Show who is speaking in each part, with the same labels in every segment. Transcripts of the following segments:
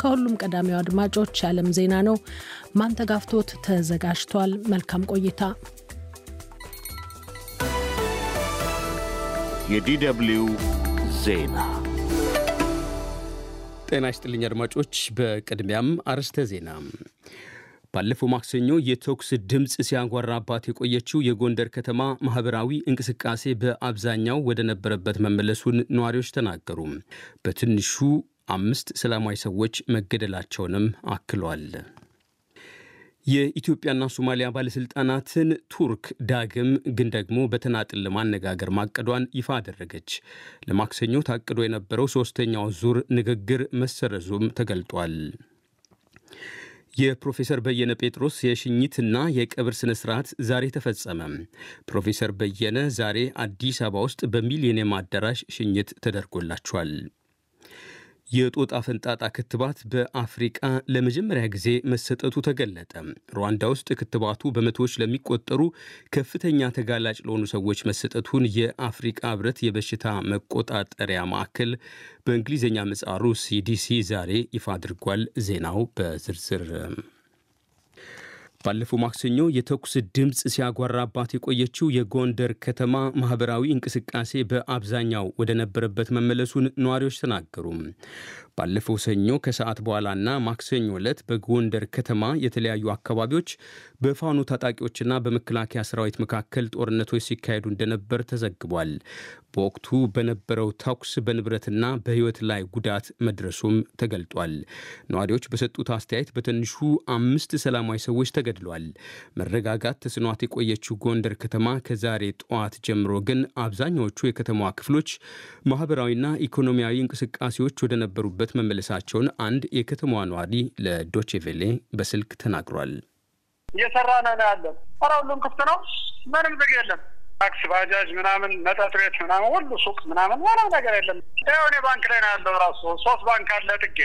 Speaker 1: ከሁሉም ቀዳሚው አድማጮች የዓለም ዜና ነው። ማንተጋፍቶት ተዘጋጅቷል። መልካም ቆይታ። የዲደብሊው ዜና ጤና ይስጥልኝ አድማጮች። በቅድሚያም አርዕስተ ዜና ባለፈው ማክሰኞ የተኩስ ድምፅ ሲያንጓራባት የቆየችው የጎንደር ከተማ ማህበራዊ እንቅስቃሴ በአብዛኛው ወደ ነበረበት መመለሱን ነዋሪዎች ተናገሩ። በትንሹ አምስት ሰላማዊ ሰዎች መገደላቸውንም አክሏል። የኢትዮጵያና ሶማሊያ ባለስልጣናትን ቱርክ ዳግም ግን ደግሞ በተናጥል ለማነጋገር ማቀዷን ይፋ አደረገች። ለማክሰኞ ታቅዶ የነበረው ሶስተኛው ዙር ንግግር መሰረዙም ተገልጧል። የፕሮፌሰር በየነ ጴጥሮስ የሽኝትና የቀብር ስነ ስርዓት ዛሬ ተፈጸመ። ፕሮፌሰር በየነ ዛሬ አዲስ አበባ ውስጥ በሚሊኒየም አዳራሽ ሽኝት ተደርጎላቸዋል። የጦጣ ፈንጣጣ ክትባት በአፍሪቃ ለመጀመሪያ ጊዜ መሰጠቱ ተገለጠ። ሩዋንዳ ውስጥ ክትባቱ በመቶዎች ለሚቆጠሩ ከፍተኛ ተጋላጭ ለሆኑ ሰዎች መሰጠቱን የአፍሪቃ ህብረት የበሽታ መቆጣጠሪያ ማዕከል በእንግሊዝኛ ምጻሩ ሲዲሲ ዛሬ ይፋ አድርጓል። ዜናው በዝርዝር ባለፈው ማክሰኞ የተኩስ ድምፅ ሲያጓራባት የቆየችው የጎንደር ከተማ ማህበራዊ እንቅስቃሴ በአብዛኛው ወደ ነበረበት መመለሱን ነዋሪዎች ተናገሩ። ባለፈው ሰኞ ከሰዓት በኋላና ማክሰኞ ዕለት በጎንደር ከተማ የተለያዩ አካባቢዎች በፋኖ ታጣቂዎችና በመከላከያ ሰራዊት መካከል ጦርነቶች ሲካሄዱ እንደነበር ተዘግቧል። በወቅቱ በነበረው ተኩስ በንብረትና በሕይወት ላይ ጉዳት መድረሱም ተገልጧል። ነዋሪዎች በሰጡት አስተያየት በትንሹ አምስት ሰላማዊ ሰዎች ተገድሏል። መረጋጋት ተስኗት የቆየችው ጎንደር ከተማ ከዛሬ ጠዋት ጀምሮ ግን አብዛኛዎቹ የከተማዋ ክፍሎች ማህበራዊና ኢኮኖሚያዊ እንቅስቃሴዎች ወደነበሩበት ሕይወት መመለሳቸውን አንድ የከተማዋ ነዋሪ ቬሌ በስልክ ተናግሯል። እየሰራ ነው ያለን። ኧረ ሁሉም ክፍት ነው። ምንም ዝግ የለም። ታክስ፣ ባጃጅ፣ ምናምን መጠጥ ቤት ምናምን ሁሉ ሱቅ ምናምን ምንም ነገር የለም። ይኸው እኔ ባንክ ላይ ነው ያለው። ራሱ ሶስት ባንክ አለ ጥጌ።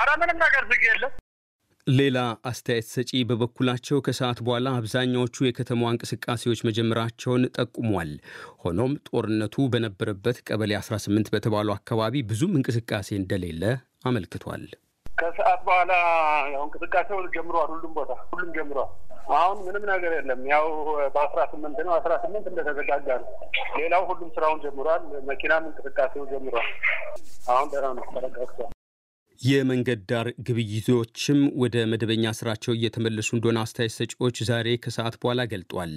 Speaker 1: ኧረ ምንም ነገር ዝግ የለም። ሌላ አስተያየት ሰጪ በበኩላቸው ከሰዓት በኋላ አብዛኛዎቹ የከተማዋ እንቅስቃሴዎች መጀመራቸውን ጠቁሟል። ሆኖም ጦርነቱ በነበረበት ቀበሌ 18 በተባለው አካባቢ ብዙም እንቅስቃሴ እንደሌለ አመልክቷል። ከሰዓት በኋላ ያው እንቅስቃሴው ጀምሯል። ሁሉም ቦታ ሁሉም ጀምሯል። አሁን ምንም ነገር የለም። ያው በአስራ ስምንት ነው አስራ ስምንት እንደተዘጋጋ ነው። ሌላው ሁሉም ስራውን ጀምሯል። መኪናም እንቅስቃሴው ጀምሯል። አሁን ደህና ነው፣ ተረጋግቷል። የመንገድ ዳር ግብይቶችም ወደ መደበኛ ስራቸው እየተመለሱ እንደሆነ አስተያየት ሰጪዎች ዛሬ ከሰዓት በኋላ ገልጧል።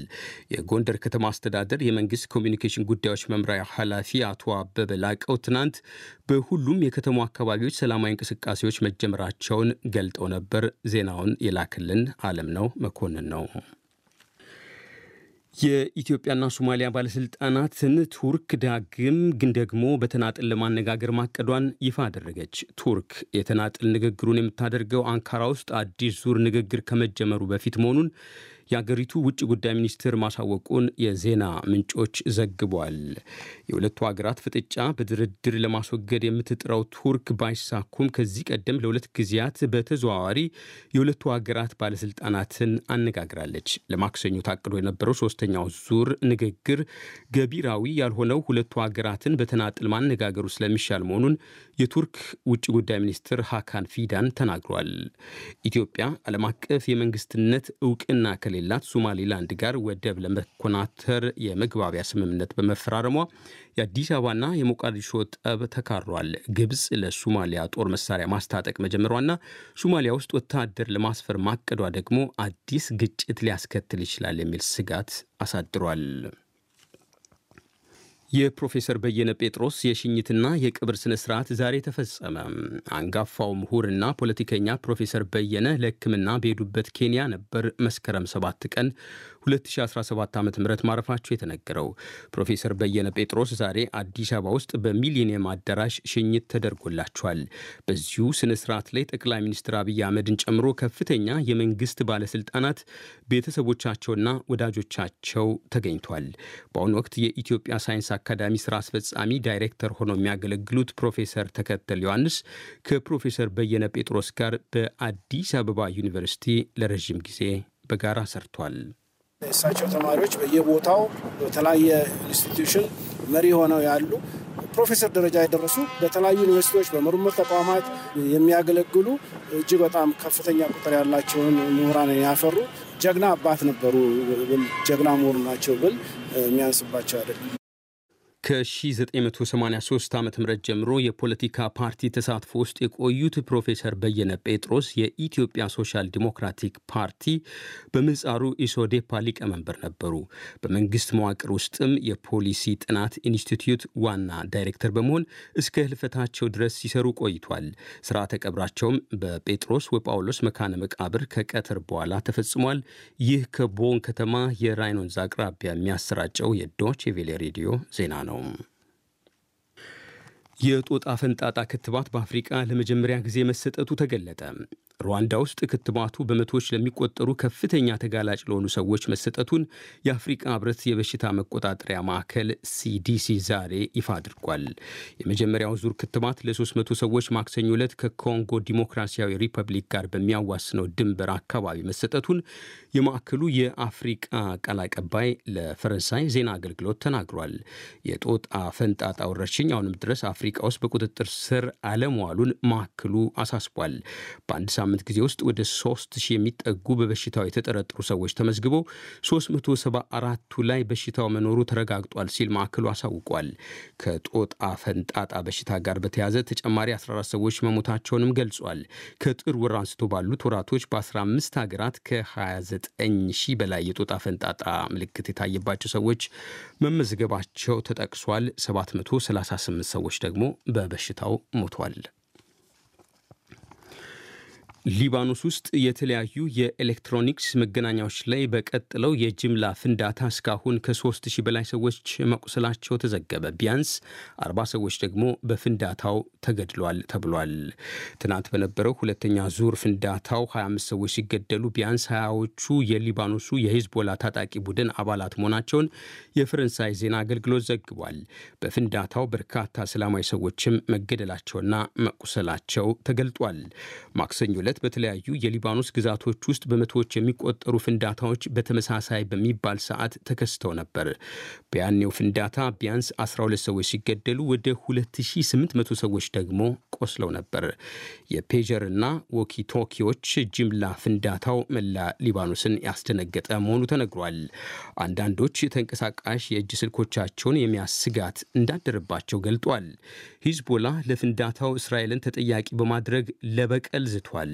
Speaker 1: የጎንደር ከተማ አስተዳደር የመንግስት ኮሚኒኬሽን ጉዳዮች መምሪያ ኃላፊ አቶ አበበ ላቀው ትናንት በሁሉም የከተማ አካባቢዎች ሰላማዊ እንቅስቃሴዎች መጀመራቸውን ገልጠው ነበር። ዜናውን የላክልን አለም ነው መኮንን ነው። የኢትዮጵያና ሶማሊያ ባለስልጣናትን ቱርክ ዳግም ግን ደግሞ በተናጥል ለማነጋገር ማቀዷን ይፋ አደረገች። ቱርክ የተናጥል ንግግሩን የምታደርገው አንካራ ውስጥ አዲስ ዙር ንግግር ከመጀመሩ በፊት መሆኑን የአገሪቱ ውጭ ጉዳይ ሚኒስትር ማሳወቁን የዜና ምንጮች ዘግቧል። የሁለቱ ሀገራት ፍጥጫ በድርድር ለማስወገድ የምትጥረው ቱርክ ባይሳኩም ከዚህ ቀደም ለሁለት ጊዜያት በተዘዋዋሪ የሁለቱ ሀገራት ባለስልጣናትን አነጋግራለች። ለማክሰኞ ታቅዶ የነበረው ሶስተኛው ዙር ንግግር ገቢራዊ ያልሆነው ሁለቱ ሀገራትን በተናጥል ማነጋገሩ ስለሚሻል መሆኑን የቱርክ ውጭ ጉዳይ ሚኒስትር ሀካን ፊዳን ተናግሯል። ኢትዮጵያ ዓለም አቀፍ የመንግስትነት እውቅና ከሌላት ሶማሌላንድ ጋር ወደብ ለመኮናተር የመግባቢያ ስምምነት በመፈራረሟ የአዲስ አበባና የሞቃዲሾ ጠብ ተካሯል። ግብፅ ለሱማሊያ ጦር መሳሪያ ማስታጠቅ መጀመሯና ሱማሊያ ውስጥ ወታደር ለማስፈር ማቀዷ ደግሞ አዲስ ግጭት ሊያስከትል ይችላል የሚል ስጋት አሳድሯል። የፕሮፌሰር በየነ ጴጥሮስ የሽኝትና የቅብር ስነ ስርዓት ዛሬ ተፈጸመ። አንጋፋው ምሁርና ፖለቲከኛ ፕሮፌሰር በየነ ለሕክምና በሄዱበት ኬንያ ነበር መስከረም 7 ቀን 2017 ዓ ም ማረፋቸው የተነገረው። ፕሮፌሰር በየነ ጴጥሮስ ዛሬ አዲስ አበባ ውስጥ በሚሊኒየም አዳራሽ ሽኝት ተደርጎላቸዋል። በዚሁ ስነ ስርዓት ላይ ጠቅላይ ሚኒስትር አብይ አህመድን ጨምሮ ከፍተኛ የመንግስት ባለስልጣናት፣ ቤተሰቦቻቸውና ወዳጆቻቸው ተገኝቷል። በአሁኑ ወቅት የኢትዮጵያ ሳይንስ አካዳሚ ስራ አስፈጻሚ ዳይሬክተር ሆነው የሚያገለግሉት ፕሮፌሰር ተከተል ዮሐንስ ከፕሮፌሰር በየነ ጴጥሮስ ጋር በአዲስ አበባ ዩኒቨርሲቲ ለረዥም ጊዜ በጋራ ሰርቷል። የእሳቸው ተማሪዎች በየቦታው በተለያየ ኢንስቲትዩሽን መሪ ሆነው ያሉ ፕሮፌሰር ደረጃ የደረሱ በተለያዩ ዩኒቨርሲቲዎች በምርምር ተቋማት የሚያገለግሉ እጅግ በጣም ከፍተኛ ቁጥር ያላቸውን ምሁራን ያፈሩ ጀግና አባት ነበሩ ብል ጀግና ምሁር ናቸው ብል የሚያንስባቸው አይደለም። ከ1983 ዓ ም ጀምሮ የፖለቲካ ፓርቲ ተሳትፎ ውስጥ የቆዩት ፕሮፌሰር በየነ ጴጥሮስ የኢትዮጵያ ሶሻል ዲሞክራቲክ ፓርቲ በምህጻሩ ኢሶዴፓ ሊቀመንበር ነበሩ። በመንግስት መዋቅር ውስጥም የፖሊሲ ጥናት ኢንስቲትዩት ዋና ዳይሬክተር በመሆን እስከ ህልፈታቸው ድረስ ሲሰሩ ቆይቷል። ስርዓተ ቀብራቸውም በጴጥሮስ ወጳውሎስ መካነ መቃብር ከቀትር በኋላ ተፈጽሟል። ይህ ከቦን ከተማ የራይን ወንዝ አቅራቢያ የሚያሰራጨው የዶች ቬሌ ሬዲዮ ዜና ነው። ነው። የጦጣ ፈንጣጣ ክትባት በአፍሪቃ ለመጀመሪያ ጊዜ መሰጠቱ ተገለጠ። ሩዋንዳ ውስጥ ክትባቱ በመቶዎች ለሚቆጠሩ ከፍተኛ ተጋላጭ ለሆኑ ሰዎች መሰጠቱን የአፍሪቃ ህብረት የበሽታ መቆጣጠሪያ ማዕከል ሲዲሲ ዛሬ ይፋ አድርጓል። የመጀመሪያው ዙር ክትባት ለ300 ሰዎች ማክሰኞ ዕለት ከኮንጎ ዲሞክራሲያዊ ሪፐብሊክ ጋር በሚያዋስነው ድንበር አካባቢ መሰጠቱን የማዕከሉ የአፍሪቃ ቃል አቀባይ ለፈረንሳይ ዜና አገልግሎት ተናግሯል። የጦጣ ፈንጣጣ ወረርሽኝ አሁንም ድረስ አፍሪቃ ውስጥ በቁጥጥር ስር አለመዋሉን ማዕከሉ አሳስቧል። በአንድ ሳምንት ጊዜ ውስጥ ወደ 3000 የሚጠጉ በበሽታው የተጠረጠሩ ሰዎች ተመዝግበው 374ቱ ላይ በሽታው መኖሩ ተረጋግጧል ሲል ማዕከሉ አሳውቋል። ከጦጣ ፈንጣጣ በሽታ ጋር በተያያዘ ተጨማሪ 14 ሰዎች መሞታቸውንም ገልጿል። ከጥር ወር አንስቶ ባሉት ወራቶች በ15 ሀገራት ከ29 ሺህ በላይ የጦጣ ፈንጣጣ ምልክት የታየባቸው ሰዎች መመዝገባቸው ተጠቅሷል። 738 ሰዎች ደግሞ በበሽታው ሞቷል። ሊባኖስ ውስጥ የተለያዩ የኤሌክትሮኒክስ መገናኛዎች ላይ በቀጥለው የጅምላ ፍንዳታ እስካሁን ከ3000 በላይ ሰዎች መቁሰላቸው ተዘገበ። ቢያንስ አርባ ሰዎች ደግሞ በፍንዳታው ተገድሏል ተብሏል። ትናንት በነበረው ሁለተኛ ዙር ፍንዳታው 25 ሰዎች ሲገደሉ ቢያንስ ሀያዎቹ የሊባኖሱ የሂዝቦላ ታጣቂ ቡድን አባላት መሆናቸውን የፈረንሳይ ዜና አገልግሎት ዘግቧል። በፍንዳታው በርካታ ሰላማዊ ሰዎችም መገደላቸውና መቁሰላቸው ተገልጧል። ማክሰኞ ዕለት በተለያዩ የሊባኖስ ግዛቶች ውስጥ በመቶዎች የሚቆጠሩ ፍንዳታዎች በተመሳሳይ በሚባል ሰዓት ተከስተው ነበር። በያኔው ፍንዳታ ቢያንስ 12 ሰዎች ሲገደሉ ወደ 2800 ሰዎች ደግሞ ቆስለው ነበር። የፔጀር እና ወኪቶኪዎች ጅምላ ፍንዳታው መላ ሊባኖስን ያስደነገጠ መሆኑ ተነግሯል። አንዳንዶች ተንቀሳቃሽ የእጅ ስልኮቻቸውን የሚያስጋት ስጋት እንዳደረባቸው ገልጧል። ሂዝቦላ ለፍንዳታው እስራኤልን ተጠያቂ በማድረግ ለበቀል ዝቷል።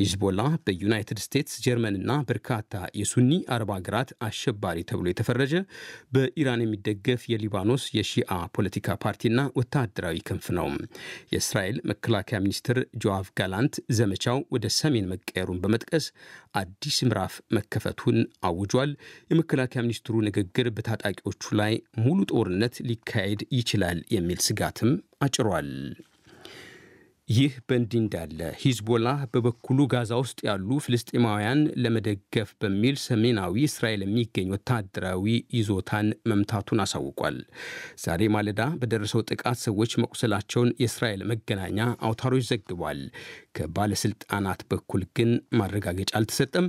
Speaker 1: ሂዝቦላ በዩናይትድ ስቴትስ ጀርመንና በርካታ የሱኒ አረብ ሀገራት አሸባሪ ተብሎ የተፈረጀ በኢራን የሚደገፍ የሊባኖስ የሺአ ፖለቲካ ፓርቲና ወታደራዊ ክንፍ ነው። የእስራኤል መከላከያ ሚኒስትር ጆአቭ ጋላንት ዘመቻው ወደ ሰሜን መቀየሩን በመጥቀስ አዲስ ምዕራፍ መከፈቱን አውጇል። የመከላከያ ሚኒስትሩ ንግግር በታጣቂዎቹ ላይ ሙሉ ጦርነት ሊካሄድ ይችላል የሚል ስጋትም አጭሯል። ይህ በእንዲህ እንዳለ ሂዝቦላ በበኩሉ ጋዛ ውስጥ ያሉ ፍልስጤማውያን ለመደገፍ በሚል ሰሜናዊ እስራኤል የሚገኝ ወታደራዊ ይዞታን መምታቱን አሳውቋል። ዛሬ ማለዳ በደረሰው ጥቃት ሰዎች መቁሰላቸውን የእስራኤል መገናኛ አውታሮች ዘግቧል። ከባለስልጣናት በኩል ግን ማረጋገጫ አልተሰጠም።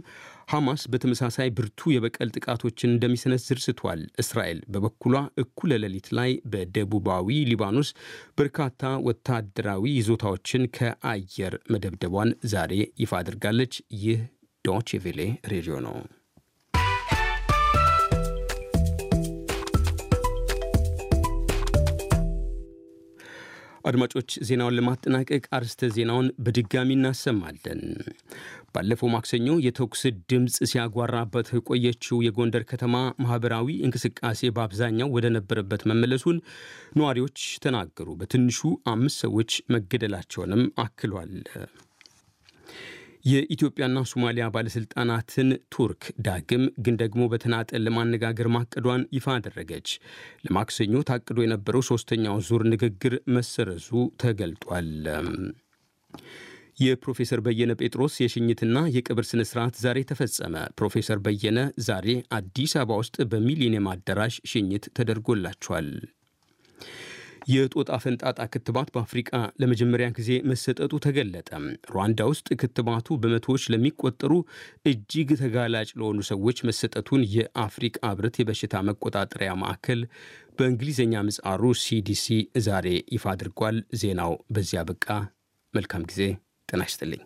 Speaker 1: ሐማስ በተመሳሳይ ብርቱ የበቀል ጥቃቶችን እንደሚሰነዝር ስቷል። እስራኤል በበኩሏ እኩለ ሌሊት ላይ በደቡባዊ ሊባኖስ በርካታ ወታደራዊ ይዞታዎችን ከአየር መደብደቧን ዛሬ ይፋ አድርጋለች። ይህ ዶች ቬሌ ሬዲዮ ነው። አድማጮች ዜናውን ለማጠናቀቅ አርስተ ዜናውን በድጋሚ እናሰማለን። ባለፈው ማክሰኞ የተኩስ ድምፅ ሲያጓራበት የቆየችው የጎንደር ከተማ ማህበራዊ እንቅስቃሴ በአብዛኛው ወደ ነበረበት መመለሱን ነዋሪዎች ተናገሩ። በትንሹ አምስት ሰዎች መገደላቸውንም አክሏል። የኢትዮጵያና ሶማሊያ ባለስልጣናትን ቱርክ ዳግም ግን ደግሞ በተናጠል ለማነጋገር ማቀዷን ይፋ አደረገች። ለማክሰኞ ታቅዶ የነበረው ሶስተኛው ዙር ንግግር መሰረዙ ተገልጧል። የፕሮፌሰር በየነ ጴጥሮስ የሽኝትና የቅብር ስነ ስርዓት ዛሬ ተፈጸመ። ፕሮፌሰር በየነ ዛሬ አዲስ አበባ ውስጥ በሚሊኒየም አዳራሽ ሽኝት ተደርጎላቸዋል። የጦጣ ፈንጣጣ ክትባት በአፍሪቃ ለመጀመሪያ ጊዜ መሰጠቱ ተገለጠ። ሩዋንዳ ውስጥ ክትባቱ በመቶዎች ለሚቆጠሩ እጅግ ተጋላጭ ለሆኑ ሰዎች መሰጠቱን የአፍሪቃ ሕብረት የበሽታ መቆጣጠሪያ ማዕከል በእንግሊዝኛ ምጻሩ ሲዲሲ ዛሬ ይፋ አድርጓል። ዜናው በዚያ በቃ። መልካም ጊዜ ጤና ይስጥልኝ።